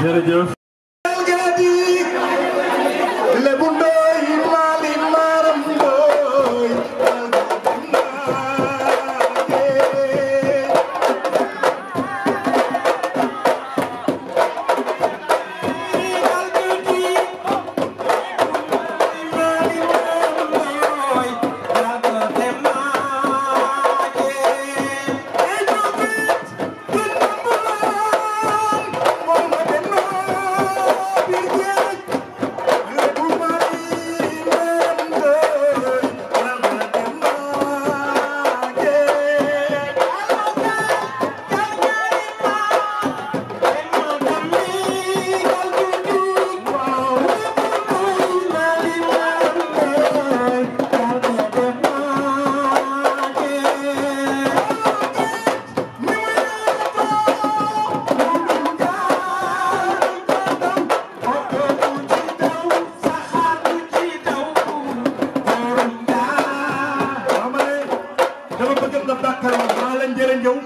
jërëjëf dama bëgg nga bàkkal ma maa la njëriñ ñëw